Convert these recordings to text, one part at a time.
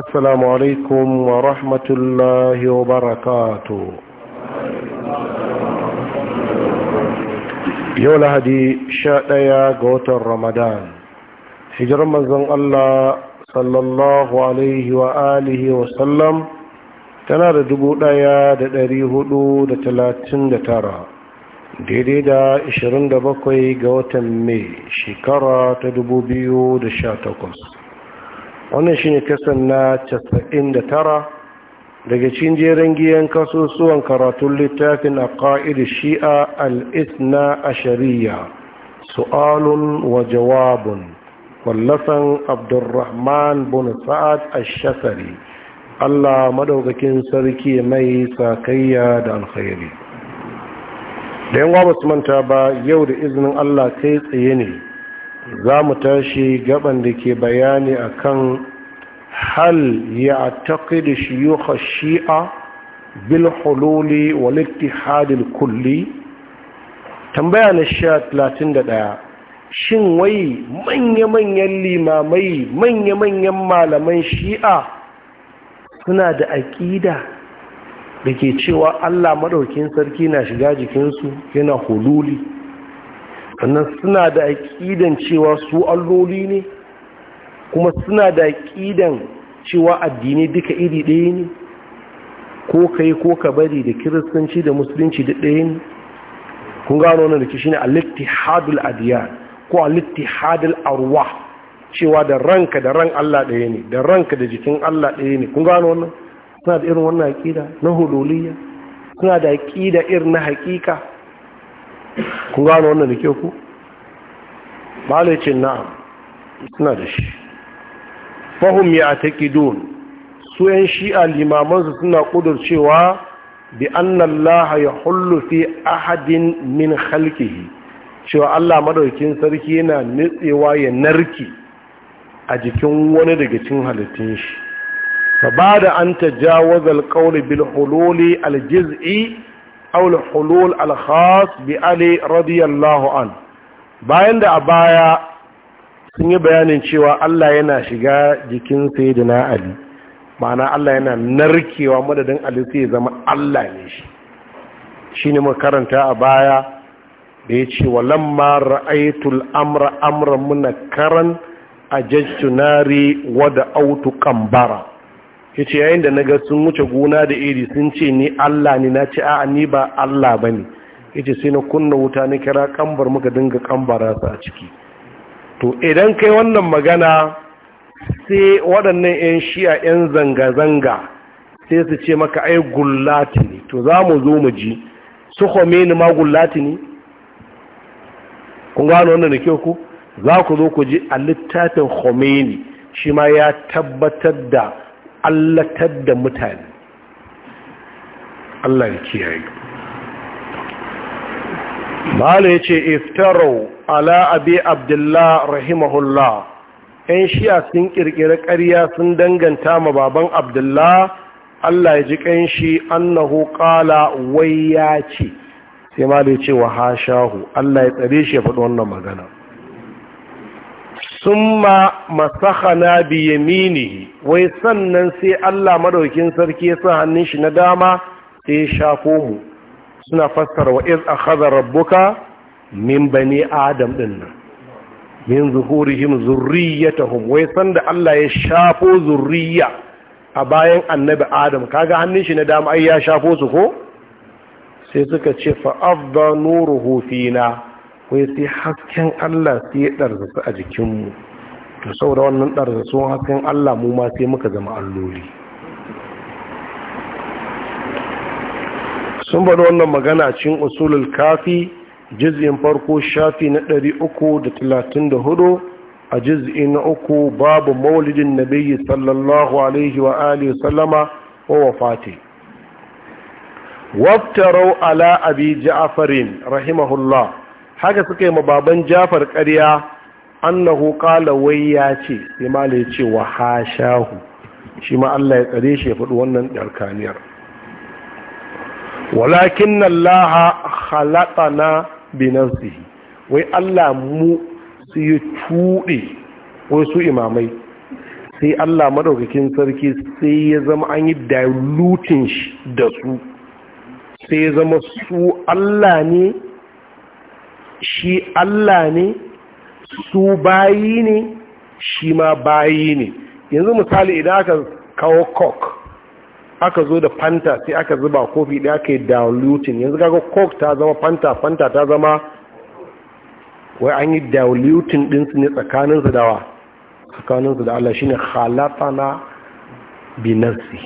السلام wa ورحمة الله وبركاته يوم هدي شاء يا قوت رمضان هجر من الله صلى الله عليه وآله وسلم tana da dubu ɗaya da ɗari huɗu da talatin da tara daidai da ashirin da bakwai ga watan mai shekara ta dubu biyu da sha takwas wannan shine kasan na 99 daga cikin jeren giyan kasusuwan karatun littafin a aqaid shi'a alisna a Shari'a, su'alun wa jawabun wallafan abdurrahman bin sa'ad ash shasari Allah Maɗaukakin sarki mai sakayya da alkhairi da yan manta ba yau da izinin Allah kai tsaye ne za mu tashi gaban da ke bayani akan hal ya taƙi da shiyuka shi'a bil hululi wal ittihadil kulli tambaya na sha 31 shin wai manya-manyan limamai manya-manyan malaman shi'a suna da aƙida da ke cewa allah maɗaukin sarki na shiga jikinsu yana hululi sannan suna da aƙidan cewa su alloli ne kuma suna da aƙidan cewa addini duka iri ɗaya ne ko ka yi ko ka bari da kiristanci da musulunci da ɗaya ne kun gano wannan da ke a al-ittihadul adiyan ko al-ittihadul arwah cewa da ranka da ran Allah ɗaya ne da ranka da jikin Allah ɗaya ne kun gano wannan suna da irin wannan aƙida na hululiyya suna da aƙida irin na haƙiƙa kun gano wannan da ke ku malai ce na'am suna da shi fahim ya a taƙidun su yan shi'a limamansu suna cewa bi annallaha ya hullu fi ahadin min halkihi cewa allah madaukin sarki yana nitsewa ya narki a jikin wani daga cin halittun shi ba da an ta qawli bil hululi al aul hulul alkhas bi ali radiyallahu an bayan da a baya sun yi bayanin cewa Allah yana shiga jikin sayyidina ali ma'ana Allah yana narkewa madadin ali sai zama Allah ne shi shine mu karanta a baya da ya ce walamma ra'aitul amra amran munakaran ajajtu nari wada autu kambara ya ce yayin da na ga sun wuce gona da iri sun ce ni Allah ne na ce a ni ba Allah ba ne ya ce sai na kunna wuta na kira kambar muka dinga kambara su a ciki to idan kai wannan magana sai waɗannan 'yan shi'a 'yan zanga-zanga sai su ce maka ai gullati ne to za mu zo mu ji su ni ma gullati ne kun gano wannan da ke ku za ku zo ku ji a littafin homeni shi ma ya tabbatar da allatar da mutane Allah ya kiyaye Mala ya ce iftarau ala abi abdullah rahimahullah ‘yan shiya sun ƙirƙiri ƙarya sun danganta ma baban abdullah Allah ya ji ƙanshi annahu ƙala wai ya ce sai ma da ya ce wa hashahu Allah ya tsare shi ya faɗi wannan magana summa masakhana bi yaminihi wai sannan sai Allah madaukin sarki ya sa hannun shi na dama sai ya shafo mu suna fassara wa iz akhadha rabbuka min bani adam din nan min zuhurihim zurriyatahum wai sanda Allah ya shafo zurriya a bayan annabi adam kaga hannun shi na dama ai ya shafo su ko sai suka ce fa afdha nuruhu fina wai sai hasken Allah sai ya ɗarzasu a jikinmu to saboda wannan ɗarzasun hasken Allah mu ma sai muka zama alloli sun bada wannan magana cin usulul kafi jiz'in farko shafi na 334 a jiz'i na uku babu maulidin nabiyyi sallallahu alaihi wa alihi ko wa wafati waftarau ala abi ja'farin rahimahullah haka suka yi ma baban jafar ƙarya annahu qala wai ya ce sai ya ce wa hashahu shi ma Allah ya tsare shi ya faɗi wannan ɗarkaniyar walakin laha khalaqana na binansu wai Allah mu su yi tuɗe wai su imamai sai Allah maɗaukakin sarki sai ya zama an yi dilutin shi da su sai ya zama su Allah ne shi Allah ne su bayi ne shi ma bayi ne yanzu misali idan aka kawo coke aka zo da fanta sai aka zuba kofi da aka yi diluting yanzu kaga coke ta zama fanta fanta ta zama wai an yi diluting su ne su dawa tsakanin su da Allah shine khalaqana na nafsi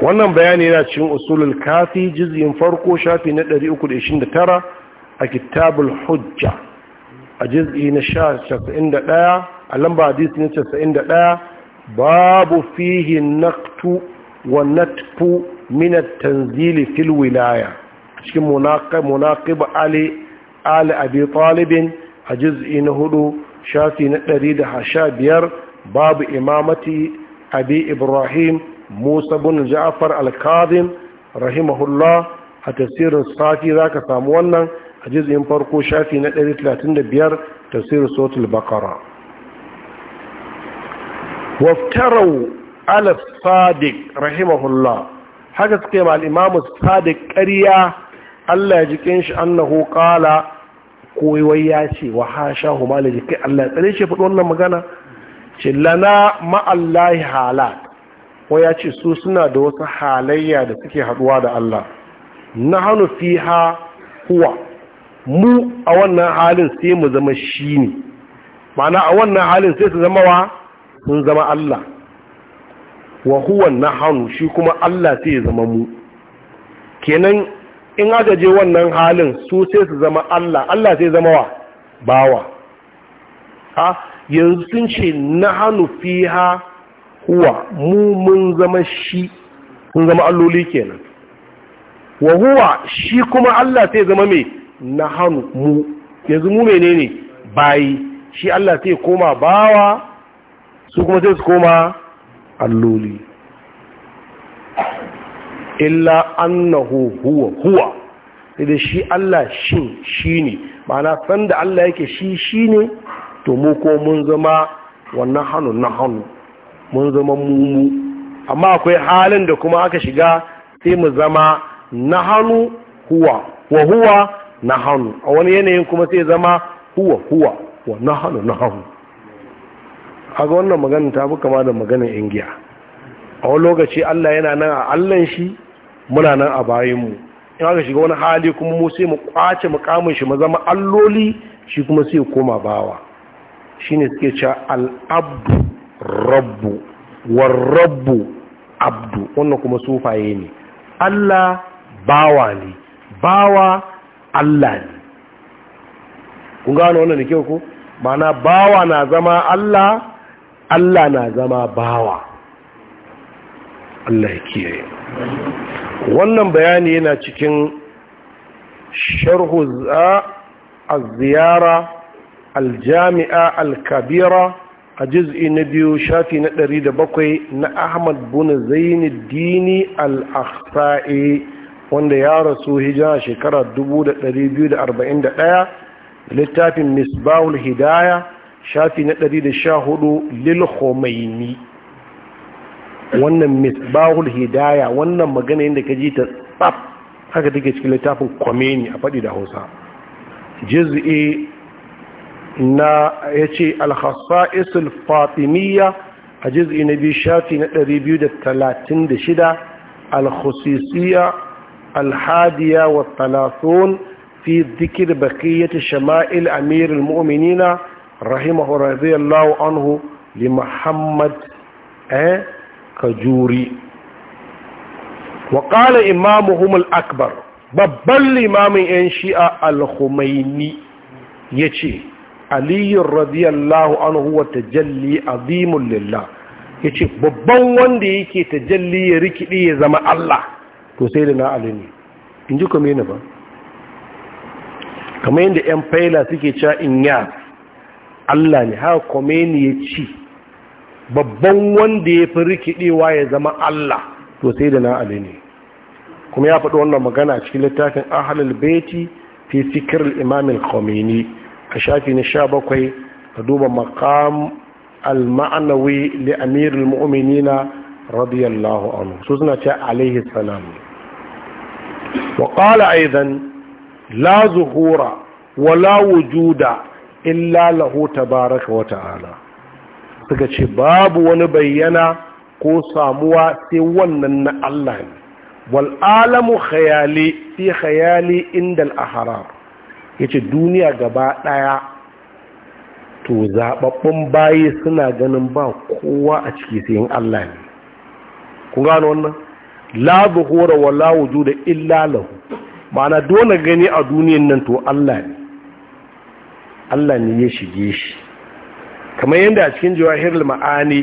wannan bayani yana cikin usulul kafi jizyin farko shafi na 329 a kitabul hujja a jiz'i na sha casa'in da ɗaya a lamba hadisi na casa'in da ɗaya babu fihi naktu wa natfu min tanzili fil wilaya cikin munaqib ali ali abi talibin a jiz'i na hudu shafi na ɗari da sha biyar babu imamati abi ibrahim musa bin ja'far al-kazim rahimahullah a tasirin safi zaka samu wannan a farko shafi na 135 tafsir sotul bakara waftarau ala sadiq rahimahullah haka suke ma al'imamu sadiq ƙarya allah ya jikin shi annahu ƙala koyawai ya ce wa hasha hu mala allah ya tsare shi faɗi wannan magana ce lana ma'allahi halat wa ya ce su suna da wasu halayya da suke haɗuwa da allah na hannu fi ha huwa mu a wannan halin sai mu zama shi ne mana a wannan halin sai su zama wa sun zama Allah wa huwa hannu shi kuma Allah sai ya zama mu kenan in aka je wannan halin su sai su zama Allah Allah sai zama wa bawa ha yanzu sun ce na fi ha huwa mu mun zama shi sun zama alloli kenan wa huwa shi kuma Allah sai zama mai na hannu mu yanzu mu menene bayi shi Allah sai koma bawa su kuma sai su koma alloli illa annahu huwa huwa da shi Allah shin ne ma'ana da Allah yake shi shi ne, to mu ko mun zama wannan hannu na hannu mun zama mumu amma akwai halin da kuma aka shiga sai mu zama na hannu huwa wa huwa nahanu a wani yanayin kuma sai zama huwa huwa wa nahanu nahanu a ga wannan maganin ta fi kama da maganin ingiya a wani lokaci allah yana nan a allan shi muna nan a bayanmu in aka shiga wani hali kuma mu sai mu kwace mukamin shi mu zama alloli shi kuma sai koma bawa shine suke cewa al'abdu rabbu warrabbu abdu wannan kuma sufaye ne allah bawa ne bawa Allah ne kun gano wannan da kyau ko mana bawa na zama Allah Allah na zama bawa Allah ya kiyaye wannan bayani yana cikin sharhu a ziyara al-jami'a a juz'i na biyu shafi na da 107 na Ahmad buna Zainuddini al-Akhsa'i wanda ya rasu hijira shekara 241 littafin misbahul hidaya shafi na 114 lil khomeini wannan misbahul hidaya wannan magana yadda ka ji ta tsaf haka take cikin littafin khomeini a faɗi da hausa jiz'i na ya ce isul fatimiyya a jiz'i na biyu shafi na 236 alhussisiyya الحادية والثلاثون في ذكر بقية شمائل أمير المؤمنين رحمه رضي الله عنه لمحمد كجوري وقال إمامهم الأكبر babban limamin 'yan shi'a alhumaini humaini ya ce aliyun radiyallahu anhu wa tajalli azimun lillah ya ce babban wanda yake tajalli ya rikidi ya zama Allah to sai da na ne in ji kome na ba kamar yadda 'yan faila suke cewa in ya allah ne haka kome ne ya ci babban wanda ya fi rikidewa ya zama allah to sai da na ne kuma ya faɗi wannan magana cikin littafin ahalul beti fi fikir imamin khomeini a shafi na sha bakwai ka duba makam al-ma'anawi li amirul mu'minina radiyallahu anhu su suna ce alaihi salam Waƙala qala aidan la zuhura wala wujuda illa lahu tabaraka wa ta'ala suka ce babu wani bayyana ko samuwa sai wannan na Allah ne wal alamu khayali fi khayali inda al-ahrar yace duniya gaba daya to zababbun bayi suna ganin ba kowa a ciki sai in Allah ne kun gano wannan la zuhura wa la wujuda illa lahu ma'ana dole gani a duniyan nan to Allah ne Allah ne ya shige shi kamar yadda a cikin jawahirul ma'ani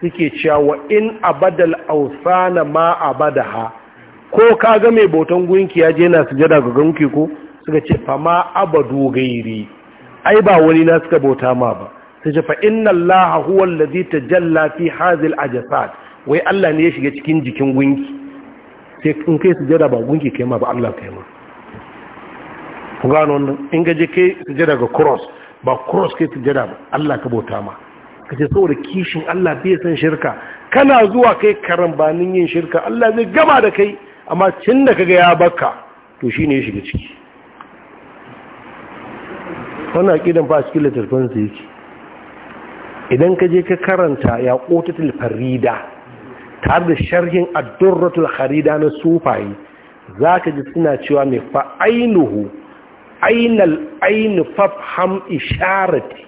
suke cewa wa in abadal awsana ma abadaha ko ka ga mai boton gunki ya je yana sujada ga gunki ko suka ce fa ma abadu gairi ai ba wani na suka bauta ma ba sai ce fa inna allaha huwa allazi tajalla fi hazil ajsad wai Allah ne ya shiga cikin jikin gunki sai in kai sujada ba gunki kai ma ba Allah kai ma ku gano wannan in gaje kai sujada ga cross ba cross kai sujada ba Allah ka bauta ma kace saboda kishin Allah bai san shirka kana zuwa kai nin yin shirka Allah zai gama da kai amma cin da kaga ya baka to shine ya shiga ciki wannan aqidan fa cikin littafin sa yake idan ka je ka karanta ya qotatul farida tare da sharhin addurratul harida na sufayi za ka ji suna cewa mai fa'ainuhu ainal ainu fafham isharati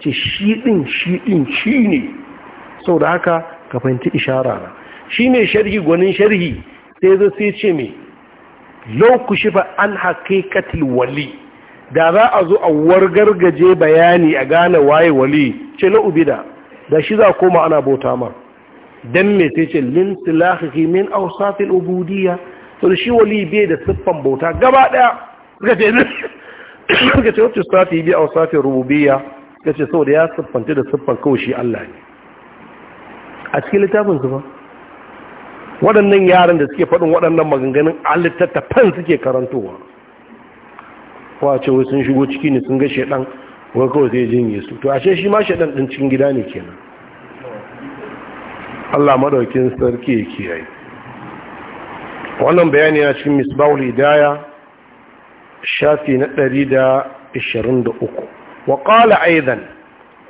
ce shi ɗin shi ɗin shi ne sau da haka ka fahimci ishara na shi ne sharhi gwanin sharhi sai zai sai ce mai lokushi shi fa an katil wali da za a zo a gaje bayani a gane waye wali ce la’ubida da shi za a koma ana bauta ma dan me sai ce lin silahihi min al ubudiyya to shi wali bai da siffan bauta gaba daya ga ce ga ce wacce safi bi awsafil rububiyya ga ce saboda ya siffanta da siffan kawshi Allah ne a cikin littafin su ba waɗannan yaran da suke faɗin waɗannan maganganun a littattafan suke karantowa kwace wai sun shigo ciki ne sun ga shedan wai kawai sai jin yesu to ashe shi ma shedan ɗin cikin gida ne kenan Allah madaukin sarki ya kiyaye wannan bayani ya cikin misbahul hidaya shafi na 123 wa qala aidan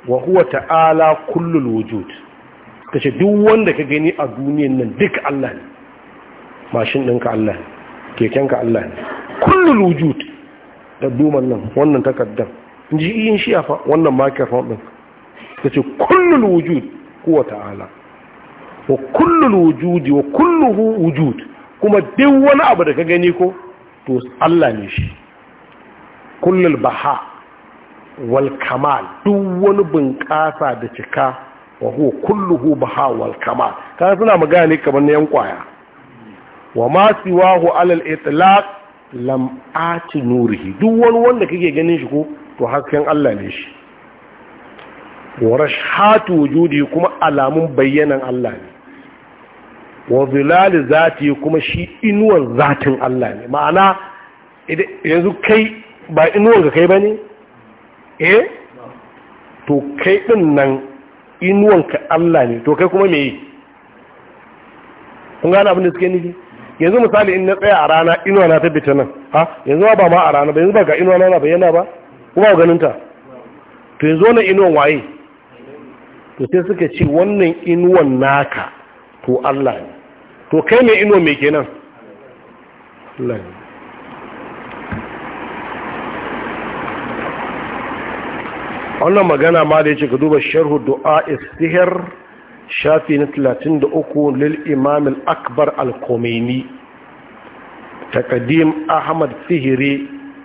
wa huwa ta'ala kullul wujud kace duk wanda ka gani a duniyar nan duk Allah ne mashin ɗinka Allah ne kekenka Allah ne kullul wujud da duman nan wannan takaddar in yin shi fa wannan makafon ɗin kace kullul wujud kuwa ta'ala wa kullul wujudi wa kulluhu wujud kuma duk wani abu da ka gani ko to Allah ne shi kullul baha wal kamal duk wani bunƙasa da cika wa huwa kulluhu baha wal kamal kana suna magana ne kamar na yan kwaya wa ma siwahu alal itlaq lam ati nurihi duk wani wanda kake ganin shi ko to hasken Allah ne shi wa rashhatu wujudi kuma alamun bayyanan Allah ne wa zilali zati kuma shi inuwan zatin Allah ne ma'ana yanzu kai ba inuwan ka kai ba ne eh to kai din nan inuwan ka Allah ne to kai kuma me yi kun gane abin da suke nufi yanzu misali in na tsaya a rana inuwa na ta bita nan ha yanzu ba ma a rana ba yanzu ba ga inuwa na bayyana ba kuma ganin ta to yanzu wannan inuwan waye to sai suka ce wannan inuwan naka to Allah ne to kai mai ino mai kenan wannan magana ma da ya ce ka duba sharhu du'a istihar shafi na 33 lil imamil akbar al ta kadim ahmad sihiri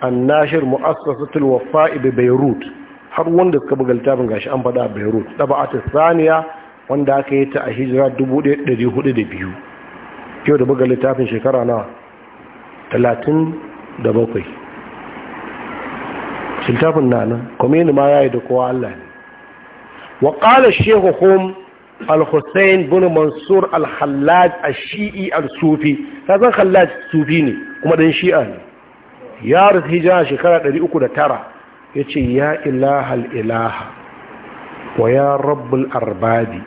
an-nashir mu'assasatul wafa'i bi beirut har wanda suka buga littafin gashi an fada a beirut daba a tasaniya wanda aka yi ta a hijira 1402 yau da buga littafin shekara na talatin da littafin na nan kwamini ma ya yi da kowa Allah ne wa ƙala shehuhum al-hussein bin mansur al-hallaj a shii al-sufi ta zan hallaj sufi ne kuma ɗan shi'a ne ya rufe hijira shekara 309 ya ce ya ilaha al-ilaha wa ya rabbul arbabi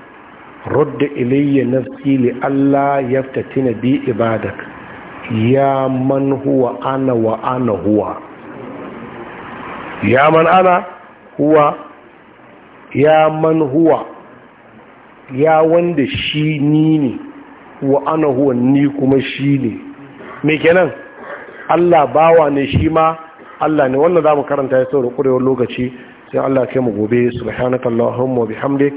rudda ilayya na li Allah ya yaftatina bi ibadak ya man huwa ana wa ana huwa ya man ana huwa ya man huwa ya wanda shi ni ne wa ana huwa ni kuma shi ne me kenan Allah bawa ne shi ma Allah ne wannan za mu karanta ya saurari kurewar lokaci sai Allah kai mu gobe subhanakallahumma wa bihamdika